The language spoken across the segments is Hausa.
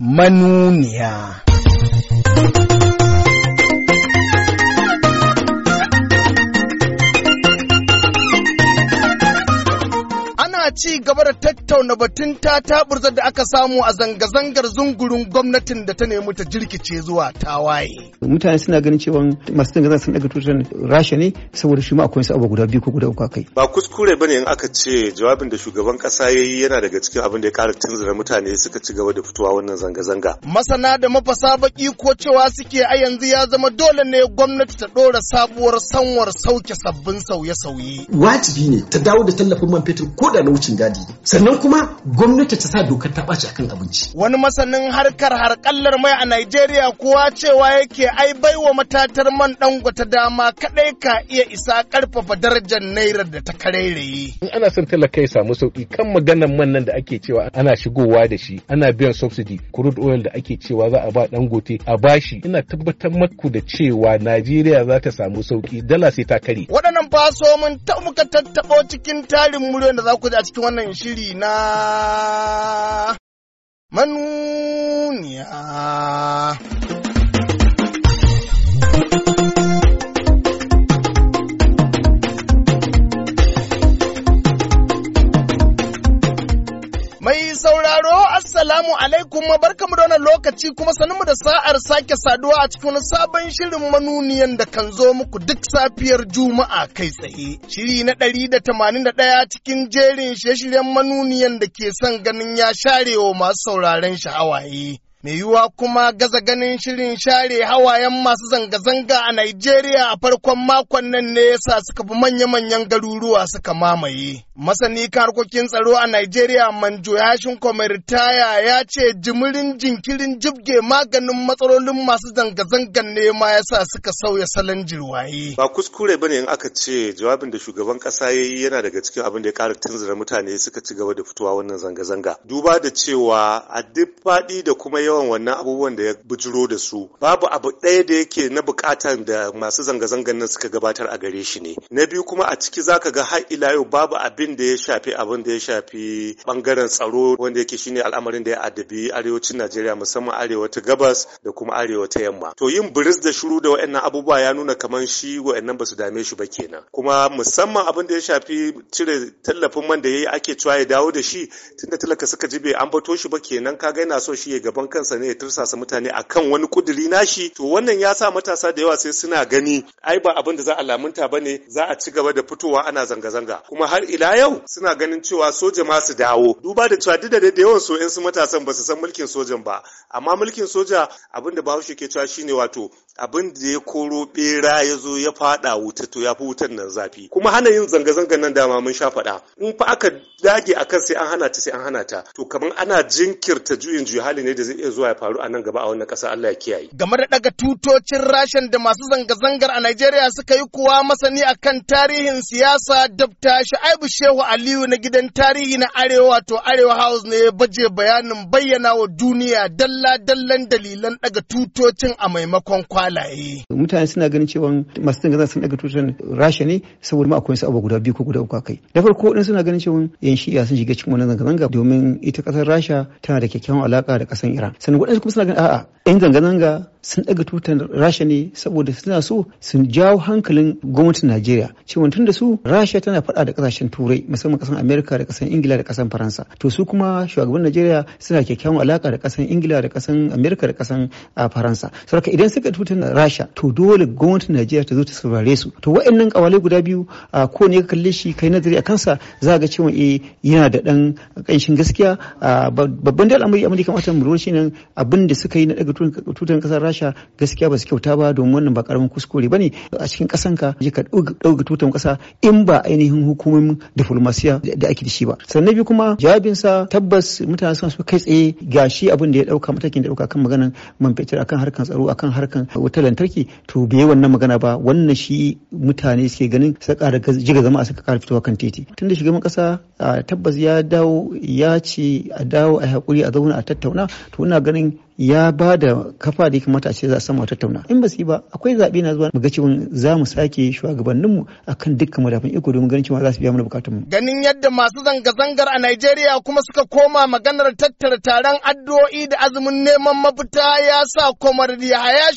manuniya. ci gaba da tattauna batun ta da aka samu a zanga-zangar zungurin gwamnatin da ta nemi ta jirkice zuwa tawaye. Mutane suna ganin cewa masu zanga sun daga tutar Rasha ne saboda shi ma akwai su abu guda biyu ko guda uku kai. Ba kuskure bane in aka ce jawabin da shugaban kasa ya yi yana daga cikin abin da ya kara tunzura mutane suka ci gaba da fitowa wannan zanga-zanga. Masana da mafasa baki ko cewa suke a yanzu ya zama dole ne gwamnati ta ɗora sabuwar sanwar sauke sabbin sauye-sauye. Wajibi ne ta dawo da tallafin man fetur ko da na wucin gadi sannan kuma gwamnati ta sa dokar ta ɓaci akan abinci wani masanin harkar harkallar mai a Najeriya kuwa cewa yake ai baiwa matatar man gwata dama kadai ka iya isa karfafa darajar naira da ta karairaye in ana son talaka ya samu sauki kan maganar man nan da ake cewa ana shigowa da shi ana biyan subsidy crude oil da ake cewa za a ba dangote a bashi ina tabbatar maku da cewa Najeriya za ta samu sauki dala sai ta kare waɗannan faso ta muka tattabo cikin tarin muryoyin da za ku ji a cikin wannan shiri na manu Assalamu alaikum barkamu da wannan lokaci kuma sanin mu da sa'ar sake saduwa a cikin sabon shirin manuniyan da kan zo muku duk safiyar Juma'a kai tsaye. Shiri na ɗari da tamanin da ɗaya cikin jerin shirye-shiryen manuniyan da ke son ganin ya sharewa masu sauraren sha'awaye. Me yiwuwa kuma gaza ganin shirin share hawayen masu zanga-zanga a Najeriya a farkon makon nan ne yasa suka fi manya-manyan garuruwa suka mamaye. Masani harkokin tsaro a Najeriya Manjo Yashin Komaritaya ya ce jimirin jinkirin jibge maganin matsalolin masu zanga-zangan ne ma ya sa suka sauya salon jirwaye. Ba kuskure ba ne in aka ce jawabin da shugaban kasa ya yi yana daga cikin abin da ya ƙara tunzura mutane suka ci gaba da fitowa wannan zanga-zanga. Duba da cewa a duk faɗi da kuma yawan wannan abubuwan da ya bujuro da su babu abu ɗaya da yake na buƙatan da masu zanga-zangan nan suka gabatar a gare shi ne. Na biyu kuma a ciki zaka ga har ila yau babu abin abin da ya shafi abin da ya shafi bangaren tsaro wanda yake shine al'amarin da ya adabi arewacin Najeriya musamman arewa ta gabas da kuma arewa ta yamma. To yin biris da shiru da waɗannan abubuwa ya nuna kamar shi waɗannan ba su dame shi ba kenan. Kuma musamman abin da ya shafi cire tallafin man da ya yi ake cewa ya dawo da shi tunda talaka suka jibe an bato shi ba kenan kaga yana so shi ya gaban kansa ne ya tursasa mutane akan wani kuduri nashi to wannan ya sa matasa da yawa sai suna gani ai ba abin da za a lamunta bane za a ci gaba da fitowa ana zanga-zanga kuma har ila yau suna ganin cewa soja ma su dawo duba da cewa duk da yawan so yan su matasan ba su san mulkin sojan ba amma mulkin soja abin da bahaushe ke cewa shine wato abin da ya koro bera ya zo ya fada wuta to ya fi wutan nan zafi kuma hana yin zanga-zanga nan dama mun sha faɗa in fa aka dage akan sai an hana ta sai an hana ta to kamar ana jinkirta juyin juyi hali ne da zai iya zuwa ya faru a nan gaba a wannan ƙasa Allah ya kiyaye game da daga tutocin rashin da masu zanga-zangar a Najeriya suka yi kuwa masani akan tarihin siyasa dabta Shu'aibu Shehu Aliyu na gidan tarihi na Arewa wato Arewa House ne ya baje bayanin bayyana wa duniya dalla-dallan dalilan daga tutocin a maimakon kwana halaye mutane suna ganin cewa masu zanga sun daga tutar rasha ne saboda akwai wasu abu guda biyu ko guda uku kai Da farko din suna ganin cewa yan shi'a sun shiga cikin wannan zanga-zanga domin ita kasar rasha tana da kyakkyawan alaka da kasar iran sannan waɗansu kuma suna ganin a'a 'yan zanga-zanga sun ɗaga tutar rasha ne saboda suna so sun jawo hankalin gwamnatin najeriya cewa tun da su rasha tana faɗa da ƙasashen turai musamman kasan amerika da ƙasan ingila da ƙasan faransa to su kuma shugaban najeriya suna kyakkyawan alaƙa da ƙasan ingila da ƙasan amerika da ƙasan faransa saboda idan suka tutar rasha to dole gwamnatin najeriya ta zo ta saurare su to wa'annan ƙawale guda biyu a ko ne ka kalle shi kai nazari a kansa za ga cewa eh yana da ɗan ƙanshin gaskiya babban da al'amari amurka kamata mu lura shi nan abin da suka yi na ɗaga tutan kasar rasha gaskiya ba su kyauta ba domin wannan ba karamin kuskure bane a cikin kasan ka je ka dauki tutan kasa in ba ainihin hukumomin diplomasiya da ake da shi ba sannan biyu kuma jawabinsa tabbas mutane sun su kai tsaye gashi abin da ya dauka matakin da dauka kan maganan man fetur akan harkan tsaro akan harkan wutar lantarki to bai wannan magana ba wannan shi mutane suke ganin saka da jiga zama a saka fitowa kan titi tunda shugaban kasa tabbas ya dawo ya ce a dawo a hakuri a zauna a tattauna to ina ganin ya ba da kafa da ya kamata a ce za a samu tattauna in ba su yi ba akwai zaɓe na zuwa mu ga cewa za mu sake shugabanninmu kan dukkan madafin iko domin ganin cewa za su biya mana bukatun mu ganin yadda masu zanga-zangar a Najeriya kuma suka koma maganar tattara taron addu'o'i da azumin neman mafita ya sa komar shi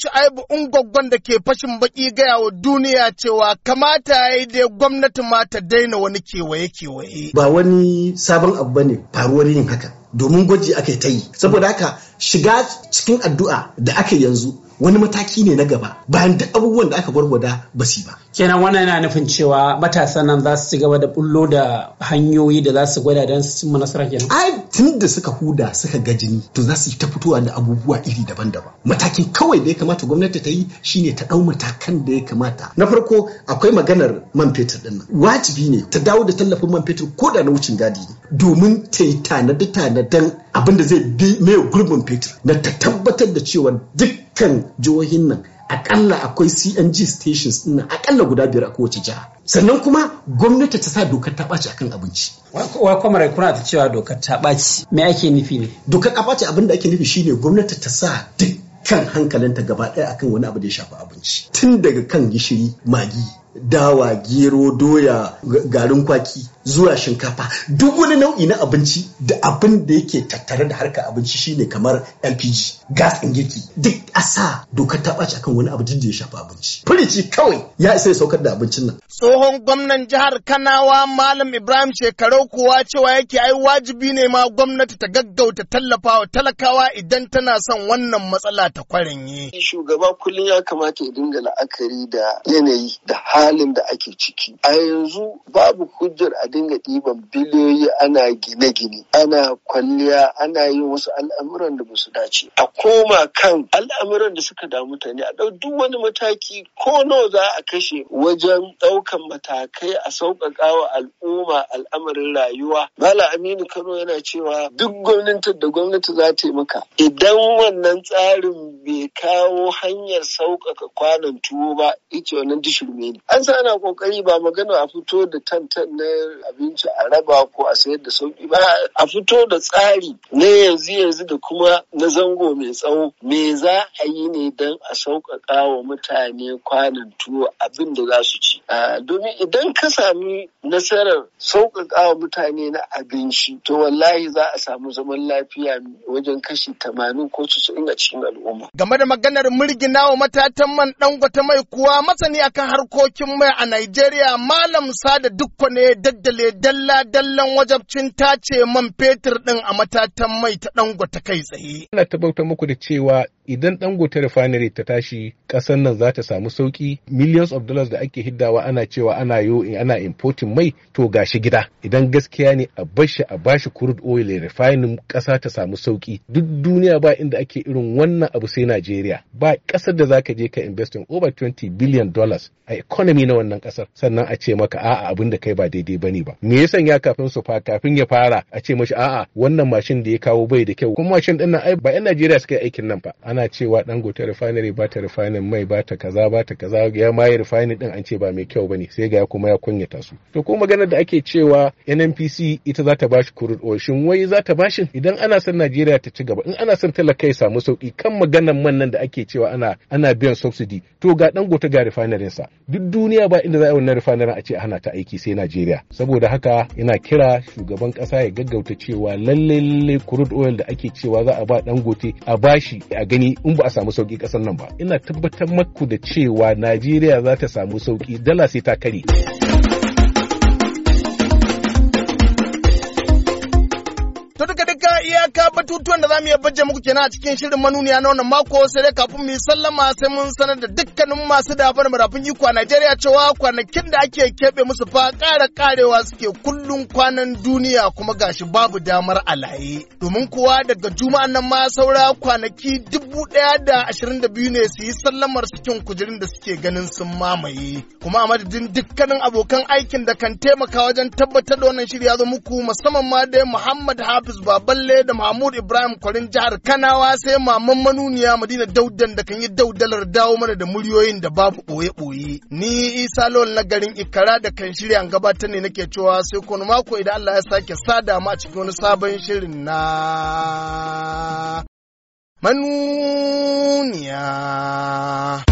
Shu'aibu Ungwaggon da ke fashin baki gaya wa duniya cewa kamata ya yi dai gwamnati ma ta daina wani kewaye-kewaye ba wani sabon abu bane faruwar yin haka domin gwaji aka yi ta yi saboda haka shiga cikin addu'a da aka yanzu wani mataki ne na gaba bayan da abubuwan da aka gwargwada ba su ba. Kenan wannan yana nufin cewa matasan nan za su ci gaba da bullo da hanyoyi da za su gwada don su cimma nasara kenan. Ai tun da suka huda suka ga jini to za su yi ta fitowa da abubuwa iri daban-daban. Matakin kawai da ya kamata gwamnati ta yi shine ta dau matakan da ya kamata. Na farko akwai maganar man fetur din nan. Wajibi ne ta dawo da tallafin man fetur ko da na wucin gadi domin ta yi tanadi tanaden abin da zai bi mai gurbin aggregator da ta tabbatar da cewa dukkan jihohin nan akalla akwai CNG stations na akalla guda biyar a kowace jiha. Sannan kuma gwamnati ta sa dokar ta ɓaci akan abinci. Wa kwamarai kuna ta cewa dokar ta ɓaci. Me ake nufi ne? Dokar ta ɓaci abin da ake nufi shine gwamnati ta sa dukkan hankalinta gaba ɗaya akan wani abu da ya shafi abinci. Tun daga kan gishiri, magi, dawa gero doya garin kwaki zuwa shinkafa duk wani nau'i na abinci da abin da yake tattare da harka abinci shine kamar lpg gas in girki duk asa doka ta ɓaci akan wani abinci da ya shafa abinci firici kawai ya isa ya saukar da abincin nan tsohon gwamnan jihar kanawa malam ibrahim shekarau kowa cewa yake ai wajibi ne ma gwamnati ta gaggauta tallafawa talakawa idan tana son wannan matsala ta kwarenye shugaba kullum ya kamata ya dinga la'akari da yanayi da halin da ake ciki a yanzu babu hujjar a dinga ɗiban biliyoyi ana gine-gine ana kwalliya ana yin wasu al'amuran da basu dace a koma kan al'amuran da suka damu ta ne a ɗau duk wani mataki ko nawa za a kashe wajen ɗaukan matakai a sauƙaƙa wa al'umma al'amarin rayuwa Malam Aminu Kano yana cewa duk gwamnatin da gwamnati za ta yi maka idan wannan tsarin bai kawo hanyar sauƙaƙa kwanan tuwo ba ita wannan dishirme ne an sa ana kokari ba magana a fito da tantan na abinci a raba ko a sayar da sauki ba a fito da tsari na yanzu yanzu da kuma na zango mai tsawo me za a yi ne don a sauƙaƙa wa mutane kwanan tuwo abin da za su ci domin idan ka sami nasarar sauƙaƙa wa mutane na abinci to wallahi za a samu zaman lafiya wajen kashi tamanin ko su a cikin al'umma game da maganar wa matatan man dangote mai kuwa masani akan harkokin cikin mai a Najeriya Malam Sada Dukko ne ya daddale dalla-dallan wajabcin tace man fetur ɗin a matatan mai ta ta kai tsaye. Ina tabbatar muku da cewa idan dangote refinery ta tashi ƙasar nan za ta samu sauki millions of dollars da ake hiddawa ana cewa ana yo ana importing mai to gashi gida idan gaskiya ne a bashi a bashi crude oil ya refining kasa ta samu sauki duk duniya ba inda ake irin wannan abu sai Najeriya ba kasar da zaka je ka invest in over 20 billion dollars a economy na wannan ƙasar sannan a ce maka a'a abin da kai ba daidai bane ba me yasa ya kafin su fa kafin ya fara a ce mashi a'a wannan mashin da ya kawo bai da kyau kuma mashin din nan ai ba 'yan Najeriya suka yi aikin nan fa ana cewa dangote refinery ba ta refinery mai ba ta kaza ba ta kaza ya ma yi din an ce ba mai kyau ba ne sai ga ya kuma ya kunyata su to ko maganar da ake cewa NNPC ita za ta bashi crude oil shin wai za ta bashin idan ana san Najeriya ta ci gaba in ana son talaka ya samu sauki kan maganar man nan da ake cewa ana ana biyan subsidy to ga gote ga refinery sa duk duniya ba inda za a yi wannan refinery a ce hana ta aiki sai Najeriya saboda haka ina kira shugaban kasa ya gaggauta cewa lalle lalle crude oil da ake cewa za a ba dangote a bashi a gani gani in ba a samu sauki kasar nan ba ina tabbatar maku da cewa najeriya za ta samu sauki dala sai ta kare batutuwan da za mu iya bajje muku kenan a cikin shirin manuniya na wannan mako sai dai kafin mu sallama sai mun sanar da dukkanin masu dafar marafin iko a Najeriya cewa kwanakin da ake keɓe musu fa ƙara ƙarewa suke kullum kwanan duniya kuma gashi babu damar alaye. Domin kuwa daga juma'an nan ma saura kwanaki dubu ɗaya da ashirin da biyu ne su yi sallamar cikin kujerun da suke ganin sun mamaye. Kuma a madadin dukkanin abokan aikin da kan taimaka wajen tabbatar da wannan shirya zo muku musamman ma dai Muhammad Hafiz Baballe da Mahmud Ibrahim Kwarin jihar Kanawa sai maman manuniya Madina Daudan da kan yi daudalar dawo mana da muryoyin da babu ɓoye-ɓoye. Ni Isa Lawal na garin Ikara da kan shirya an gabatar ne nake cewa sai kuma mako idan Allah ya sake sada mu a cikin wani sabon shirin na manuniya.